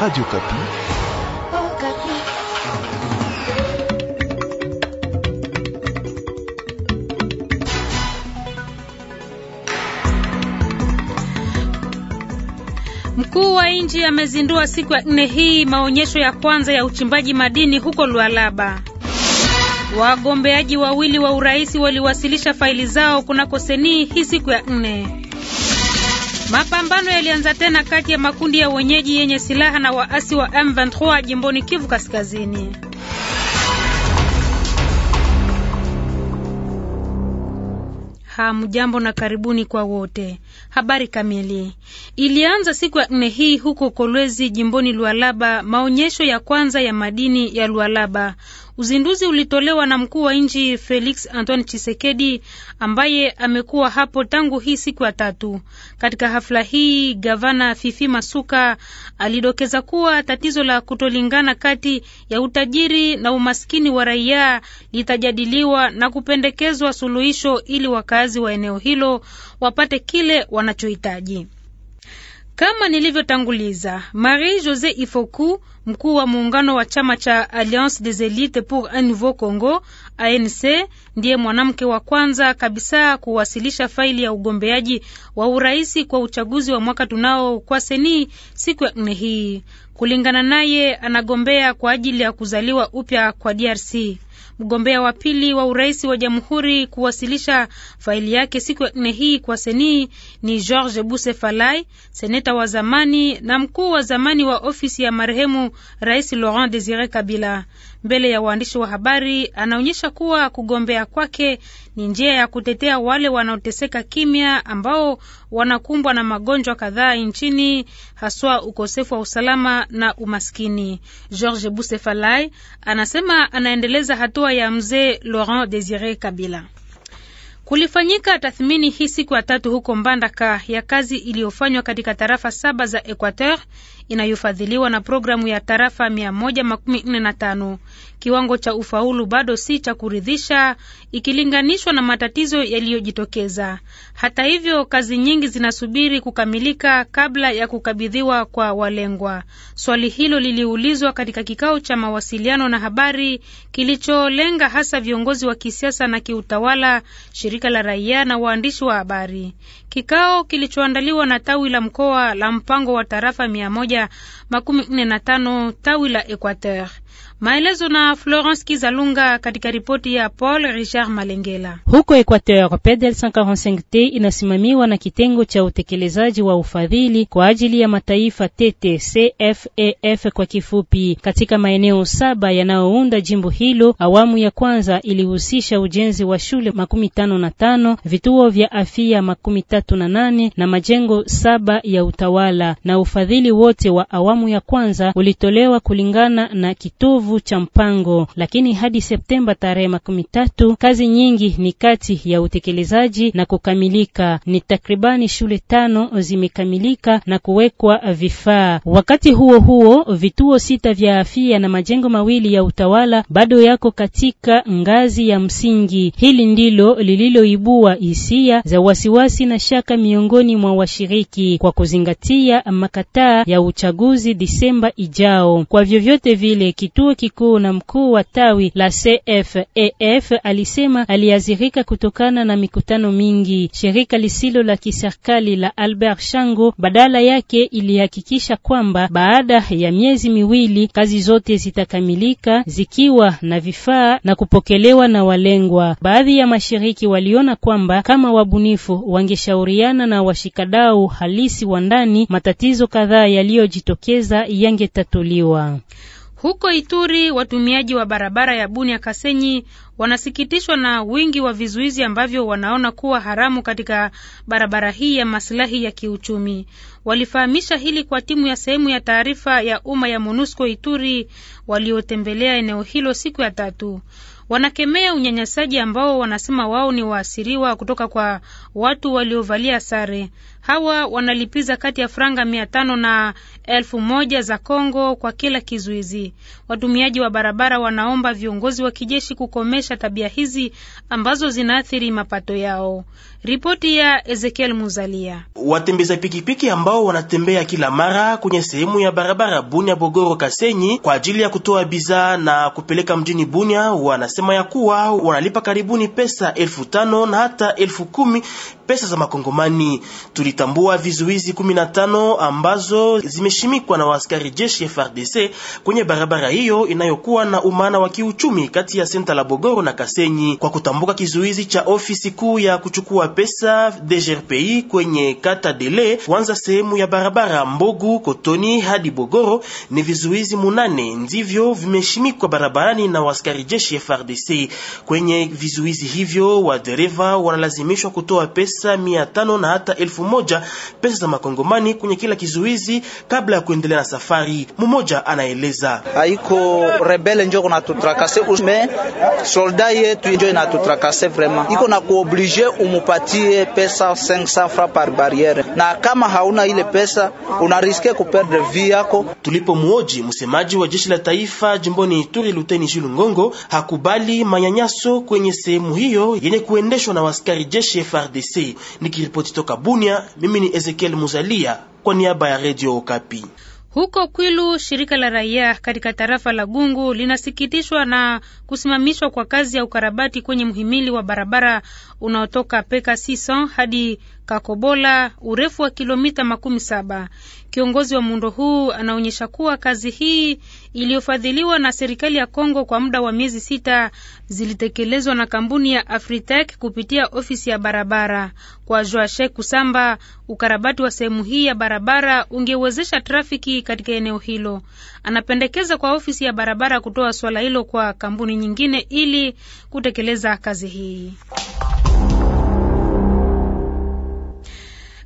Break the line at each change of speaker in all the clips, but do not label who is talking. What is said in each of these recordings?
Radio Kapi.
Oh, Kapi.
Mkuu wa nchi amezindua siku ya nne hii maonyesho ya kwanza ya uchimbaji madini huko Lualaba. Wagombeaji wawili wa urais waliwasilisha faili zao kunako koseni hii siku ya nne. Mapambano yalianza tena kati ya makundi ya wenyeji yenye silaha na waasi wa M23 jimboni Kivu Kaskazini. Hamjambo na karibuni kwa wote. Habari kamili ilianza siku ya nne hii huko Kolwezi, jimboni Lualaba, maonyesho ya kwanza ya madini ya Lualaba. Uzinduzi ulitolewa na mkuu wa nchi Felix Antoine Chisekedi ambaye amekuwa hapo tangu hii siku ya tatu. Katika hafla hii, gavana Fifi Masuka alidokeza kuwa tatizo la kutolingana kati ya utajiri na umaskini wa raia litajadiliwa na kupendekezwa suluhisho ili wakazi wa eneo hilo wapate kile wanachohitaji. Kama nilivyotanguliza, Marie Jose Ifoku, mkuu wa muungano wa chama cha Alliance des Elites pour un Nouveau Congo ANC, ndiye mwanamke wa kwanza kabisa kuwasilisha faili ya ugombeaji wa uraisi kwa uchaguzi wa mwaka tunao kwa seni siku ya nne hii. Kulingana naye, anagombea kwa ajili ya kuzaliwa upya kwa DRC mgombea wa pili wa urais wa jamhuri kuwasilisha faili yake siku ya nne hii kwa seni ni George Buse Falai, seneta wa zamani na mkuu wa zamani wa ofisi ya marehemu Rais Laurent Desire Kabila mbele ya waandishi wa habari, anaonyesha kuwa kugombea kwake ni njia ya kutetea wale wanaoteseka kimya, ambao wanakumbwa na magonjwa kadhaa nchini, haswa ukosefu wa usalama na umaskini. George Busefalai anasema anaendeleza hatua ya mzee Laurent Desire Kabila. Kulifanyika tathmini hii siku ya tatu huko Mbandaka ya kazi iliyofanywa katika tarafa saba za Equateur inayofadhiliwa na programu ya tarafa 145. Kiwango cha ufaulu bado si cha kuridhisha ikilinganishwa na matatizo yaliyojitokeza. Hata hivyo, kazi nyingi zinasubiri kukamilika kabla ya kukabidhiwa kwa walengwa. Swali hilo liliulizwa katika kikao cha mawasiliano na habari kilicholenga hasa viongozi wa kisiasa na kiutawala, shirika la raia na waandishi wa habari. Kikao kilichoandaliwa na tawi la mkoa la mpango wa tarafa makumi nne na tano tawi la Equateur. Maelezo na Florence Kizalunga katika ripoti ya Paul Richard Malengela.
Huko Equateur, PEDEL 145T inasimamiwa na kitengo cha utekelezaji wa ufadhili kwa ajili ya mataifa tete CFAF kwa kifupi. Katika maeneo saba yanayounda jimbo hilo, awamu ya kwanza ilihusisha ujenzi wa shule makumi tano na tano, vituo vya afya makumi tatu na nane na majengo saba ya utawala, na ufadhili wote wa awamu ya kwanza ulitolewa kulingana na kito kitovu cha mpango, lakini hadi Septemba tarehe makumi tatu kazi nyingi ni kati ya utekelezaji na kukamilika. Ni takribani shule tano zimekamilika na kuwekwa vifaa. Wakati huo huo, vituo sita vya afya na majengo mawili ya utawala bado yako katika ngazi ya msingi. Hili ndilo lililoibua hisia za wasiwasi na shaka miongoni mwa washiriki kwa kuzingatia makataa ya uchaguzi Disemba ijao. Kwa vyovyote vile kituo kikuu na mkuu wa tawi la CFAF alisema aliazirika kutokana na mikutano mingi. Shirika lisilo la kiserikali la Albert Shango badala yake ilihakikisha kwamba baada ya miezi miwili kazi zote zitakamilika zikiwa na vifaa na kupokelewa na walengwa. Baadhi ya mashiriki waliona kwamba kama wabunifu wangeshauriana na washikadau halisi wa ndani, matatizo kadhaa yaliyojitokeza yangetatuliwa.
Huko Ituri, watumiaji wa barabara ya Bunia Kasenyi wanasikitishwa na wingi wa vizuizi ambavyo wanaona kuwa haramu katika barabara hii ya masilahi ya kiuchumi. Walifahamisha hili kwa timu ya sehemu ya taarifa ya umma ya MONUSCO Ituri waliotembelea eneo hilo siku ya tatu. Wanakemea unyanyasaji ambao wanasema wao ni waasiriwa kutoka kwa watu waliovalia sare. Hawa wanalipiza kati ya franga mia tano na elfu moja za Kongo kwa kila kizuizi. Watumiaji wa barabara wanaomba viongozi wa kijeshi kukomesha tabia hizi ambazo zinaathiri mapato yao. Ripoti ya Ezekiel Muzalia.
Watembeza pikipiki ambao wanatembea kila mara kwenye sehemu ya barabara Bunia Bogoro Kasenyi kwa ajili ya kutoa bidhaa na kupeleka mjini Bunia wanasema ya kuwa wanalipa karibuni pesa elfu tano na hata elfu kumi pesa za makongomani. Tulitambua vizuizi 15 tano ambazo zimeshimikwa na waaskari jeshi FARDC kwenye barabara hiyo inayokuwa na umana wa kiuchumi kati ya senta la Bogoro na Kasenyi kwa kutambuka kizuizi cha ofisi kuu ya kuchukua pesa de GRPI kwenye kata dele kuanza sehemu ya barabara Mbogu Kotoni hadi Bogoro. Ni vizuizi munane ndivyo vimeshimikwa barabarani na waskari jeshi FRDC. Kwenye vizuizi hivyo wadereva wanalazimishwa kutoa pesa mia tano na hata elfu moja pesa za makongomani kwenye kila kizuizi kabla ya kuendelea na safari. Mmoja anaeleza
haiko rebele njo kunatutrakase ume soldat yetu njo inatutrakase vraiment iko na kuoblige umupa wapatie pesa 500 francs par barriere, na kama hauna ile pesa unariske kuperde vie yako. Tulipomwoji
msemaji wa jeshi la taifa jimboni Ituri, Luteni Julu Ngongo hakubali manyanyaso kwenye sehemu hiyo yenye kuendeshwa na waskari jeshi FRDC. Nikiripoti toka Bunia, mimi ni Ezekiel Muzalia kwa niaba ya Radio Okapi.
Huko Kwilu, shirika la raia katika tarafa la Gungu linasikitishwa na kusimamishwa kwa kazi ya ukarabati kwenye mhimili wa barabara unaotoka Peka 600 hadi Kakobola, urefu wa kilomita makumi saba. Kiongozi wa muundo huu anaonyesha kuwa kazi hii iliyofadhiliwa na serikali ya Kongo kwa muda wa miezi sita zilitekelezwa na kampuni ya Afritec kupitia ofisi ya barabara. Kwa Joashe Kusamba, ukarabati wa sehemu hii ya barabara ungewezesha trafiki katika eneo hilo. Anapendekeza kwa ofisi ya barabara kutoa swala hilo kwa kampuni nyingine ili kutekeleza kazi hii.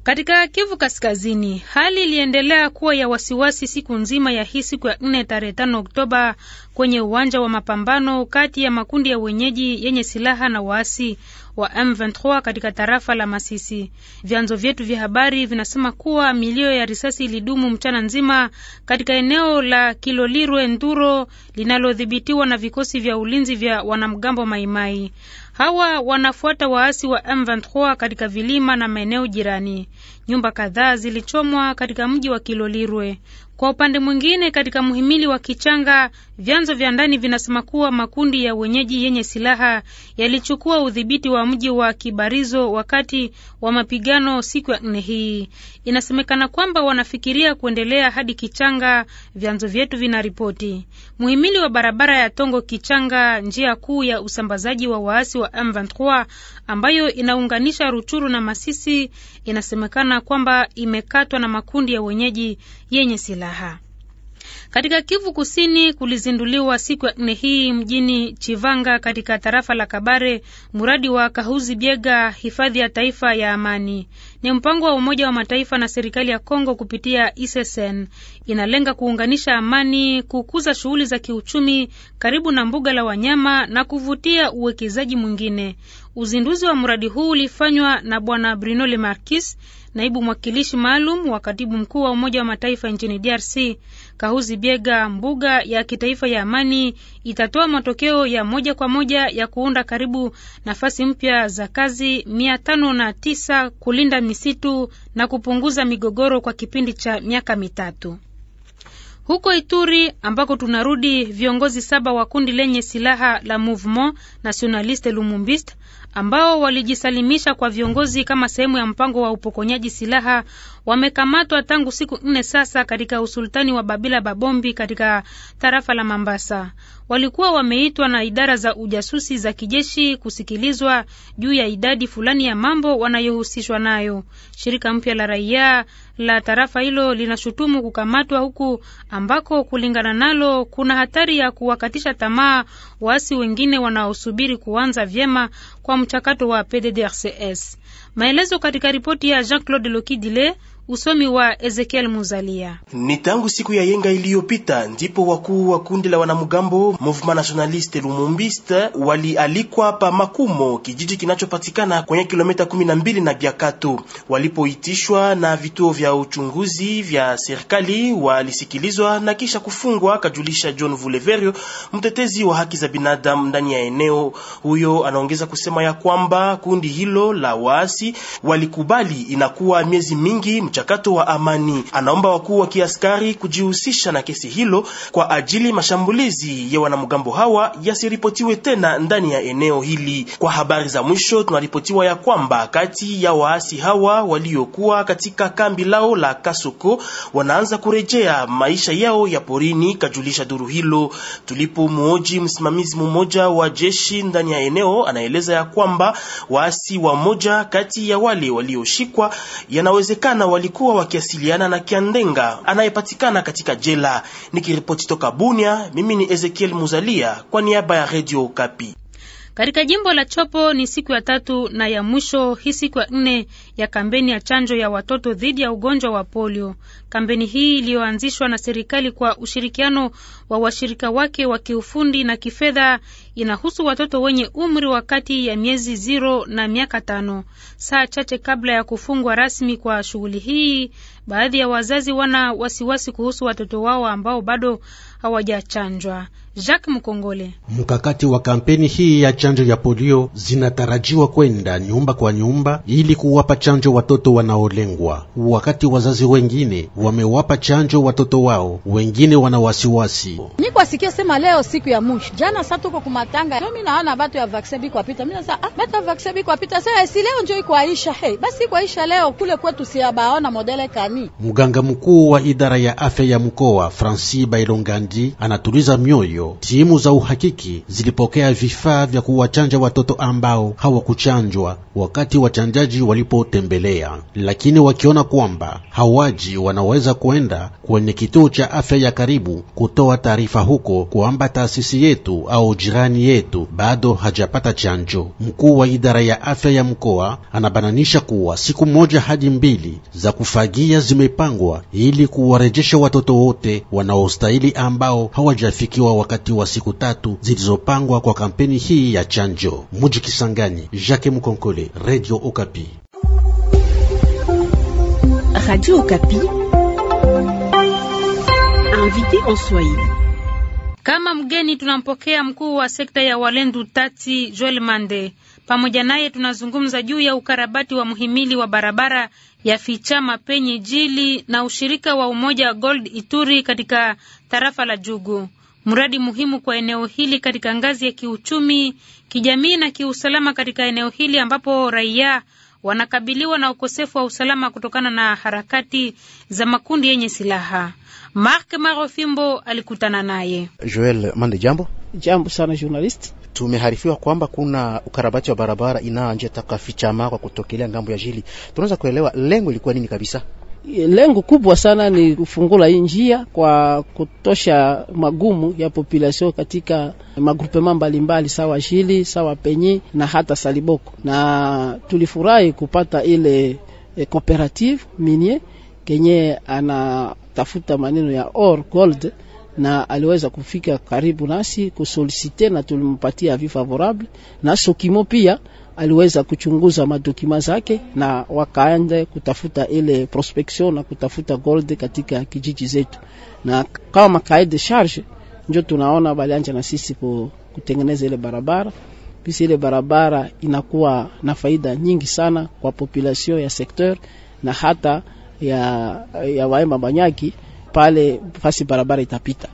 Katika Kivu Kaskazini, hali iliendelea kuwa ya wasiwasi siku nzima ya hii siku ya nne tarehe tano Oktoba kwenye uwanja wa mapambano kati ya makundi ya wenyeji yenye silaha na waasi wa M23 katika tarafa la Masisi. Vyanzo vyetu vya habari vinasema kuwa milio ya risasi ilidumu mchana nzima katika eneo la Kilolirwe Nduro linalodhibitiwa na vikosi vya ulinzi vya wanamgambo Maimai. Hawa wanafuata waasi wa M23 katika vilima na maeneo jirani. Nyumba kadhaa zilichomwa katika mji wa Kilolirwe. Kwa upande mwingine, katika mhimili wa Kichanga, vyanzo vya ndani vinasema kuwa makundi ya wenyeji yenye silaha yalichukua udhibiti wa mji wa Kibarizo wakati wa mapigano siku ya nne hii. Inasemekana kwamba wanafikiria kuendelea hadi Kichanga, vyanzo vyetu vinaripoti. mhimili wa barabara ya Tongo Kichanga, njia kuu ya usambazaji wa waasi wa M23 ambayo inaunganisha Ruchuru na Masisi inasemekana kwamba imekatwa na makundi ya wenyeji yenye silaha. Katika Kivu Kusini kulizinduliwa siku ya nne hii mjini Chivanga katika tarafa la Kabare mradi wa Kahuzi Biega, hifadhi ya taifa ya amani. Ni mpango wa Umoja wa Mataifa na serikali ya Kongo kupitia ISSN. Inalenga kuunganisha amani, kukuza shughuli za kiuchumi karibu na mbuga la wanyama na kuvutia uwekezaji mwingine. Uzinduzi wa mradi huu ulifanywa na Bwana Bruno Le Marquis, naibu mwakilishi maalum wa katibu mkuu wa Umoja wa Mataifa nchini DRC. Kahuzi Biega, mbuga ya kitaifa ya amani itatoa matokeo ya moja kwa moja ya kuunda karibu nafasi mpya za kazi mia tano na tisa, kulinda misitu na kupunguza migogoro kwa kipindi cha miaka mitatu. Huko Ituri ambako tunarudi, viongozi saba wa kundi lenye silaha la Mouvement Nationaliste Lumumbiste ambao walijisalimisha kwa viongozi kama sehemu ya mpango wa upokonyaji silaha wamekamatwa tangu siku nne sasa katika usultani wa Babila Babombi katika tarafa la Mambasa. Walikuwa wameitwa na idara za ujasusi za kijeshi kusikilizwa juu ya idadi fulani ya mambo wanayohusishwa nayo. Shirika mpya la raia la tarafa hilo linashutumu kukamatwa huku ambako kulingana nalo kuna hatari ya kuwakatisha tamaa waasi wengine wanaosubiri kuanza vyema kwa mchakato wa PDDRCS. Maelezo katika ripoti ya Jean-Claude Lokidile. Usomi wa Ezekiel Muzalia.
Ni tangu siku ya yenga iliyopita ndipo wakuu wa kundi la wanamgambo Movement Nationaliste Lumumbiste walialikwa pa Makumo, kijiji kinachopatikana kwenye kilomita 12 na Byakato. Walipoitishwa na vituo vya uchunguzi vya serikali, walisikilizwa na kisha kufungwa, kajulisha John Vuleverio, mtetezi wa haki za binadamu ndani ya eneo. Huyo anaongeza kusema ya kwamba kundi hilo la waasi walikubali, inakuwa miezi mingi mchakato wa amani. Anaomba wakuu wa kiaskari kujihusisha na kesi hilo kwa ajili mashambulizi ya wanamgambo hawa yasiripotiwe tena ndani ya eneo hili. Kwa habari za mwisho, tunaripotiwa ya kwamba kati ya waasi hawa waliokuwa katika kambi lao la Kasoko wanaanza kurejea maisha yao ya porini, kajulisha duru hilo. Tulipo muoji msimamizi mmoja wa jeshi ndani ya eneo, anaeleza ya kwamba waasi wa moja kati ya wale walioshikwa yanawezekana wali walikuwa wakiasiliana na Kiandenga anayepatikana katika jela. Nikiripoti toka Bunia, mimi ni Ezekiel Muzalia kwa niaba ya Radio Kapi.
Katika jimbo la Chopo ni siku ya tatu na ya mwisho hii siku ya nne ya kampeni ya chanjo ya watoto dhidi ya ugonjwa wa polio. Kampeni hii iliyoanzishwa na serikali kwa ushirikiano wa washirika wake wa kiufundi na kifedha inahusu watoto wenye umri wa kati ya miezi zero na miaka tano. Saa chache kabla ya kufungwa rasmi kwa shughuli hii, baadhi ya wazazi wana wasiwasi kuhusu watoto wao ambao bado hawajachanjwa. Jacques Mkongole.
Mkakati wa kampeni hii ya chanjo ya polio zinatarajiwa kwenda nyumba kwa nyumba ili kuwapa chanjo watoto wanaolengwa. Wakati wazazi wengine wamewapa chanjo watoto wao, wengine wana wasiwasi.
Nikwasikia sema leo siku ya mwisho. Jana sasa tuko kumatanga. Mimi naona watu ya vaccine biko apita. Mimi sasa ah, watu ya vaccine biko apita. Sasa eh, si leo njoo iko Aisha. Hey, basi iko Aisha leo kule kwetu siabaona modele kani.
Mganga mkuu wa idara ya afya ya mkoa Francis Bailongandi anatuliza mioyo Timu za uhakiki zilipokea vifaa vya kuwachanja watoto ambao hawakuchanjwa wakati wachanjaji walipotembelea, lakini wakiona kwamba hawaji, wanaweza kwenda kwenye kituo cha afya ya karibu kutoa taarifa huko kwamba taasisi yetu au jirani yetu bado hajapata chanjo. Mkuu wa idara ya afya ya mkoa anabananisha kuwa siku moja hadi mbili za kufagia zimepangwa ili kuwarejesha watoto wote wanaostahili ambao hawajafikiwa wakati wakati wa siku tatu zilizopangwa kwa kampeni hii ya chanjo. Muji Kisangani, Jacques Mukonkole, Radio Okapi.
Radio Okapi. Invité en Swahili.
Kama mgeni tunampokea mkuu wa sekta ya Walendu Tati Joel Mande. Pamoja naye tunazungumza juu ya ukarabati wa mhimili wa barabara ya Fichama penye Jili na ushirika wa Umoja wa Gold Ituri katika tarafa la Jugu mradi muhimu kwa eneo hili katika ngazi ya kiuchumi, kijamii na kiusalama katika eneo hili ambapo raia wanakabiliwa na ukosefu wa usalama kutokana na harakati za makundi yenye silaha. Mark Marofimbo alikutana naye.
Joel Mande, jambo. Jambo sana journalist. Tumeharifiwa kwamba kuna ukarabati wa barabara inayoanjia taka fichama kwa kutokelea ngambo ya jili. Tunaweza kuelewa lengo ilikuwa nini kabisa? lengo kubwa sana ni kufungula hii njia
kwa kutosha magumu ya population katika magrupema mbalimbali sawa Shili sawa Penyi na hata Saliboko, na tulifurahi kupata ile e, cooperative minie kenye anatafuta maneno ya or gold na aliweza kufika karibu nasi kusolisite na tulimpatia vi favorable na Sokimo pia aliweza kuchunguza madokima zake na wakaende kutafuta ile prospection na kutafuta gold katika kijiji zetu, na kama cahier de charge ndio tunaona balianja na sisi kutengeneza ile barabara pisi ile barabara inakuwa na faida nyingi sana kwa population ya sekteur na hata
ya, ya waema Banyaki pale fasi barabara itapita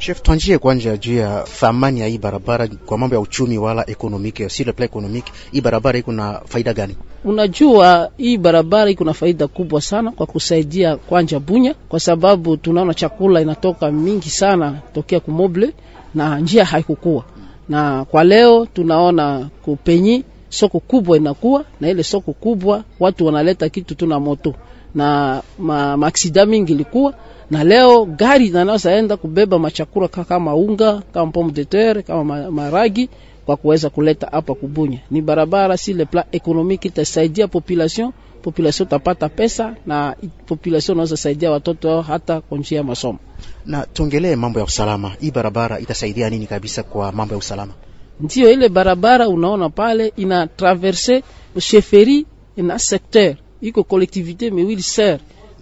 Chef, tuanjie kwanja juu ya thamani ya hii barabara kwa mambo ya uchumi wala ekonomike, s'il plaît ekonomike. Hii barabara iko na faida gani?
Unajua, hii barabara iko na faida kubwa sana kwa kusaidia kwanja Bunya, kwa sababu tunaona chakula inatoka mingi sana tokea kumoble na njia haikukua, na kwa leo tunaona kupenyi soko kubwa inakuwa na ile soko kubwa watu wanaleta kitu tuna moto na ma, maaksida mingi ilikuwa na leo gari zinazoenda kubeba machakura kama unga kama pomme de terre kama maragi kwa kuweza kuleta hapa Kubunya ni barabara, si le plan economique itasaidia population,
population tapata pesa na population naweza saidia watoto wao hata kwa njia ya masomo. Na tuongelee mambo ya usalama, hii barabara itasaidia nini kabisa kwa mambo ya usalama? Ndio ile
barabara unaona pale ina traverser sheferi na secteur iko collectivite miwili ser.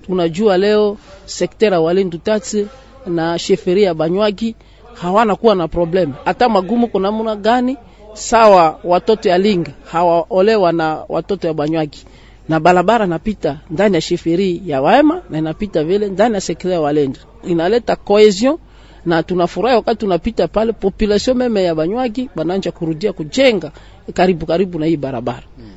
Tunajua leo sekter ya Walendu Tatse na sheferi ya Banywaki hawana kuwa na problem hata magumu kuna muna gani sawa. Watoto ya Linga hawaolewa na watoto ya Banywaki, na barabara napita ndani ya sheferi ya Waema na inapita vile ndani ya sekter ya Walendu, inaleta cohesion na tunafurahi wakati tunapita pale, population meme ya Banywaki
bananja kurudia kujenga
karibu karibu na hii barabara mm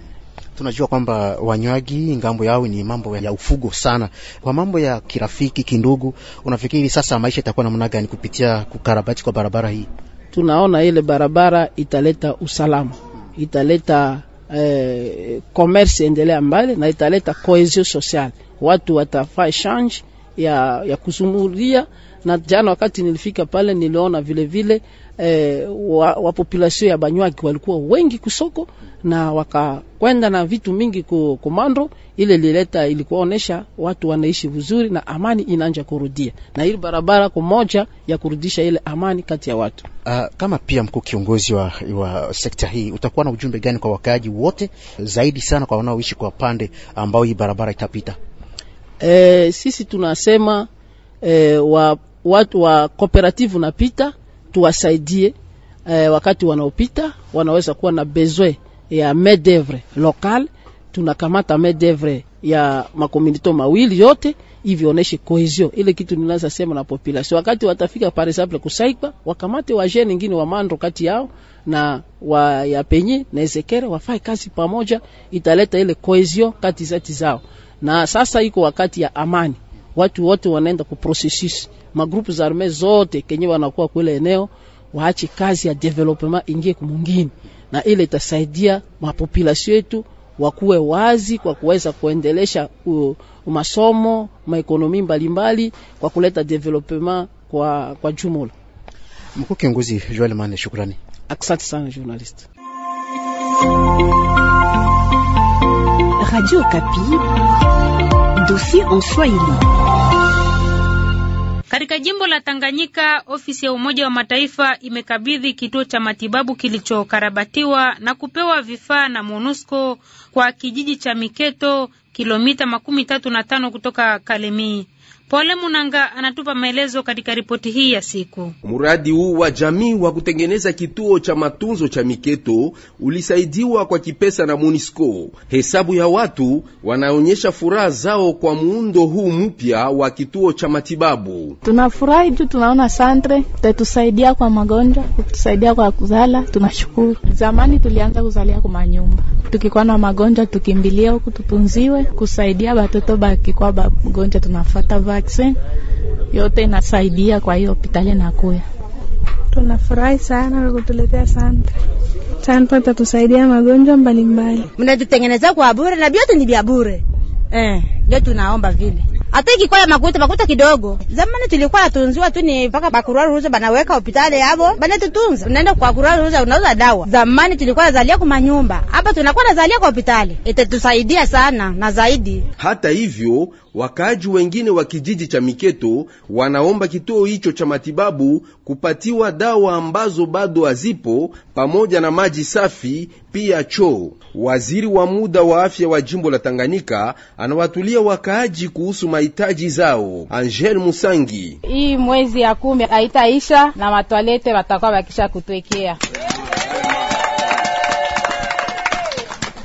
tunajua kwamba wanywaji ngambo yao ni mambo ya ufugo sana. Kwa mambo ya kirafiki kindugu, unafikiri sasa maisha itakuwa namna gani kupitia kukarabati kwa barabara hii?
Tunaona ile barabara italeta usalama, italeta eh, commerce eh, endelea mbali na italeta cohesion sociale, watu watafaa change ya, ya kusumulia na jana wakati nilifika pale niliona vilevile vile, eh, wa, wa population ya Banywaki walikuwa wengi kusoko na wakakwenda na vitu mingi ku komando ile lileta ilikuonesha watu wanaishi vizuri na amani inanja kurudia na ile
barabara kumoja ya kurudisha ile amani kati ya watu. Uh, kama pia mkuu kiongozi wa, wa sekta hii utakuwa na ujumbe gani kwa wakaaji wote, zaidi sana kwa wanaoishi kwa pande ambao hii barabara itapita? E, sisi tunasema e,
wa, watu wa kooperative unapita tuwasaidie e, wakati wanaopita wanaweza kuwa na besoin ya medevre local Tunakamata medevre ya makomunito mawili yote hivi oneshe kohezio ile kitu ninaza sema na population, wakati watafika par exemple kusaikwa, wakamate jeune wengine wa mando kati yao na wa ya penye na ezekere, wafai kazi pamoja, italeta ile kohezio kati zati zao na sasa iko wakati ya amani, watu wote wanaenda ku processus magrupu za arme zote kenye wanakuwa kule eneo waache kazi ya development ingie kumungini, na ile itasaidia mapopulasio yetu wakuwe wazi kwa kuweza kuendelesha masomo maekonomi mbalimbali kwa kuleta
development kwa, kwa jumula. Mkuu kiongozi Joel Mane, shukrani. Asante sana journalist Radio
Kapi, dossier en Swahili.
Katika jimbo la Tanganyika, ofisi ya Umoja wa Mataifa imekabidhi kituo cha matibabu kilichokarabatiwa na kupewa vifaa na MONUSCO kwa kijiji cha Miketo, kilomita makumi tatu na tano kutoka Kalemi. Pole Munanga anatupa maelezo katika ripoti hii ya siku.
Mradi huu wa jamii wa kutengeneza kituo cha matunzo cha Miketo ulisaidiwa kwa kipesa na Munisco. Hesabu ya watu wanaonyesha furaha zao kwa muundo huu mpya wa kituo cha matibabu.
Tunafurahi tu, tunaona santre tatusaidia kwa magonjwa, kutusaidia kwa kuzala, tunashukuru. Zamani tulianza kuzalia kwa manyumba, tukikuwa na magonjwa tukimbilia huku tupunziwe, kusaidia watoto bakikwa bagonjwa tunafuata vali vaccine yote inasaidia kwa hiyo hospitali nakuya. Tunafurahi sana kutuletea sante sante, tatusaidia magonjwa mbalimbali, mnatutengeneza kwa bure na vyote ni vya bure
eh, ndio tunaomba vile
hata ikikwaya makuta makuta kidogo. Zamani tulikuwa tunziwa tu ni mpaka bakurua ruza banaweka hospitali yabo bana tutunza. unaenda kwa kurua ruza unauza dawa. Zamani tulikuwa nazalia kwa manyumba, hapa tunakuwa nazalia kwa hospitali, itatusaidia sana
na zaidi. Hata hivyo Wakaaji wengine wa kijiji cha Miketo wanaomba kituo hicho cha matibabu kupatiwa dawa ambazo bado hazipo pamoja na maji safi pia choo. Waziri wa muda wa afya wa jimbo la Tanganyika anawatulia wakaaji kuhusu mahitaji zao. Angel Musangi:
hii mwezi ya kumi haitaisha na matwalete watakuwa wakisha kutwekea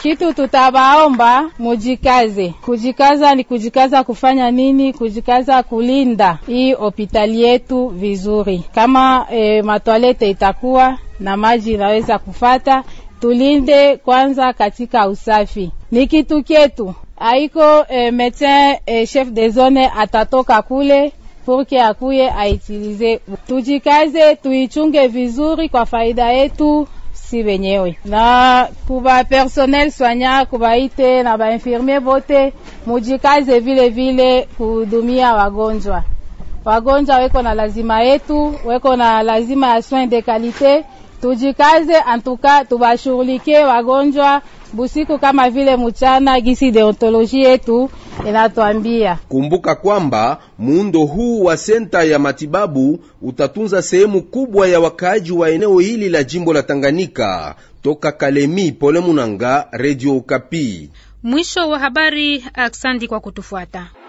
kitu tutabaomba mujikaze. Kujikaza ni kujikaza kufanya nini? Kujikaza kulinda hii hopitali yetu vizuri, kama e, eh, matwalete itakuwa na maji inaweza kufata, tulinde kwanza katika usafi, ni kitu kyetu. aiko e, eh, medecin e, eh, chef de zone atatoka kule purke akuye aitilize. Tujikaze, tuichunge vizuri kwa faida yetu si wenyewe na kuva personnel soigna kuvaite na bainfirmier bote mujikaze vile vile kudumia wagonjwa. Wagonjwa weko na lazima yetu, weko na lazima ya soin de kalite tujikaze antuka, tubashughulikie wagonjwa busiku kama vile mchana, gisi deontoloji yetu inatuambia.
Kumbuka kwamba muundo huu wa senta ya matibabu utatunza sehemu kubwa ya wakaaji wa eneo hili la jimbo la Tanganyika. Toka Kalemi, Pole Munanga, Radio Okapi.
Mwisho wa habari. Aksandi kwa kutufuata.